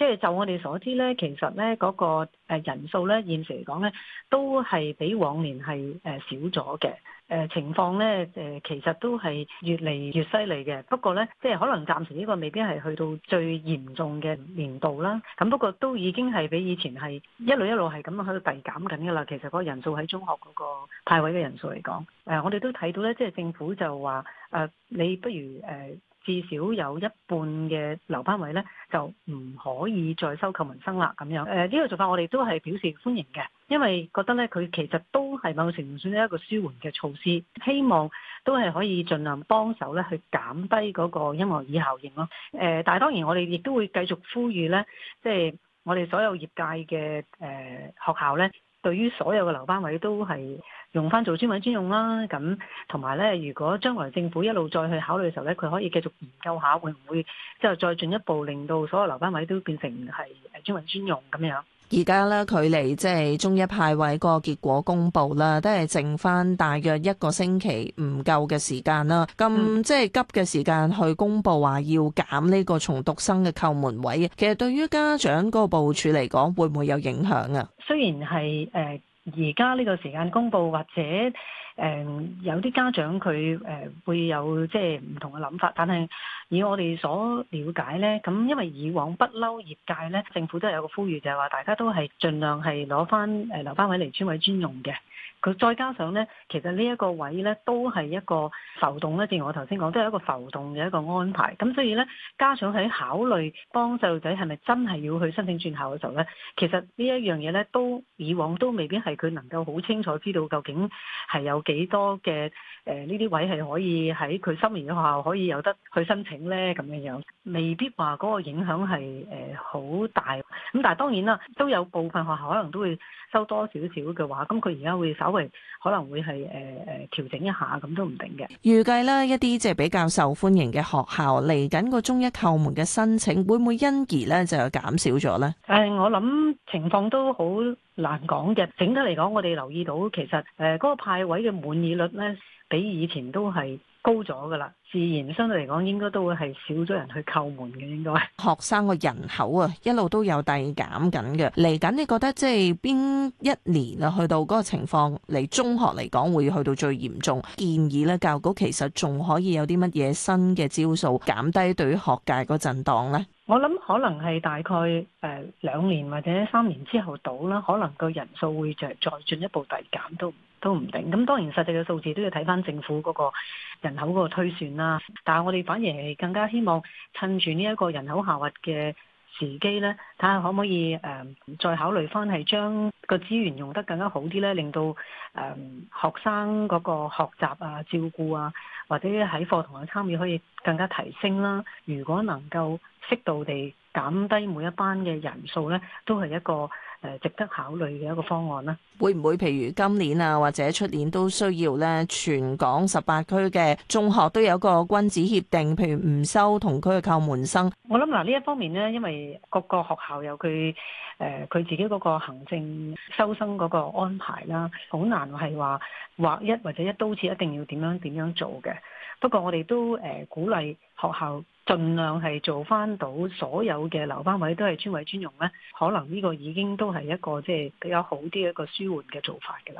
即係就我哋所知咧，其實咧嗰個人數咧，現時嚟講咧，都係比往年係誒少咗嘅。誒情況咧，誒其實都係越嚟越犀利嘅。不過咧，即係可能暫時呢個未必係去到最嚴重嘅年度啦。咁不過都已經係比以前係一路一路係咁喺度遞減緊噶啦。其實嗰個人數喺中學嗰個派位嘅人數嚟講，誒我哋都睇到咧，即係政府就話。誒、啊，你不如誒、呃，至少有一半嘅留班位咧，就唔可以再收叩門生啦，咁樣誒呢、呃這個做法我哋都係表示歡迎嘅，因為覺得咧佢其實都係某程度上算係一個舒緩嘅措施，希望都係可以盡量幫手咧去減低嗰個音樂椅效應咯。誒、呃，但係當然我哋亦都會繼續呼籲咧，即、就、係、是、我哋所有業界嘅誒、呃、學校咧。對於所有嘅留班位都係用翻做專位專用啦，咁同埋呢，如果將來政府一路再去考慮嘅時候呢，佢可以繼續研究下會唔會之後再進一步令到所有留班位都變成係誒專位專用咁樣。而家咧，距離即係中一派位個結果公布啦，都係剩翻大約一個星期唔夠嘅時間啦。咁即係急嘅時間去公布話要減呢個重讀生嘅叩門位，其實對於家長嗰個部署嚟講，會唔會有影響啊？雖然係誒，而家呢個時間公布，或者誒有啲家長佢誒會有即係唔同嘅諗法，但係。以我哋所了解呢，咁因為以往不嬲業界呢，政府都有個呼籲，就係話大家都係盡量係攞翻誒留班位嚟村委專用嘅。佢再加上呢，其實呢一個位呢都係一個浮動，咧，正如我頭先講，都係一個浮動嘅一個安排。咁所以呢，加上喺考慮幫細路仔係咪真係要去申請轉校嘅時候呢，其實呢一樣嘢呢都以往都未必係佢能夠好清楚知道究竟係有幾多嘅誒呢啲位係可以喺佢心儀嘅學校可以有得去申請。咧咁樣樣，未必話嗰個影響係誒好大。咁但係當然啦，都有部分學校可能都會收多少少嘅話，咁佢而家會稍微可能會係誒誒調整一下，咁都唔定嘅。預計咧一啲即係比較受歡迎嘅學校嚟緊個中一叩門嘅申請，會唔會因而咧就減少咗咧？誒、呃，我諗情況都好難講嘅。整體嚟講，我哋留意到其實誒嗰、呃嗰個派位嘅滿意率咧，比以前都係高咗噶啦，自然相對嚟講應該都會係少咗人去叩門嘅，應該。學生個人口啊，一路都有遞減緊嘅。嚟緊你覺得即係邊一年啊，去到嗰個情況嚟中學嚟講會去到最嚴重？建議咧，教育局其實仲可以有啲乜嘢新嘅招數，減低對於學界嗰震盪咧？我諗可能係大概誒兩年或者三年之後到啦，可能個人數會再進一步遞減都都唔定。咁當然實際嘅數字都要睇翻政府嗰個人口個推算啦。但係我哋反而係更加希望趁住呢一個人口下滑嘅。時機咧，睇下可唔可以誒、呃，再考慮翻係將個資源用得更加好啲咧，令到誒、呃、學生嗰個學習啊、照顧啊，或者喺課堂嘅參與可以更加提升啦。如果能夠適度地減低每一班嘅人數咧，都係一個，誒，值得考慮嘅一個方案啦。會唔會譬如今年啊，或者出年都需要咧，全港十八區嘅中學都有個君子協定，譬如唔收同區嘅叩門生？我諗嗱，呢一方面呢，因為各個學校有佢誒佢自己嗰個行政收生嗰個安排啦，好難係話劃一或者一刀切，一定要點樣點樣做嘅。不過我哋都誒、呃、鼓勵學校。儘量係做翻到所有嘅留班位都係村委專用咧，可能呢個已經都係一個即係比較好啲一,一個舒緩嘅做法嘅啦。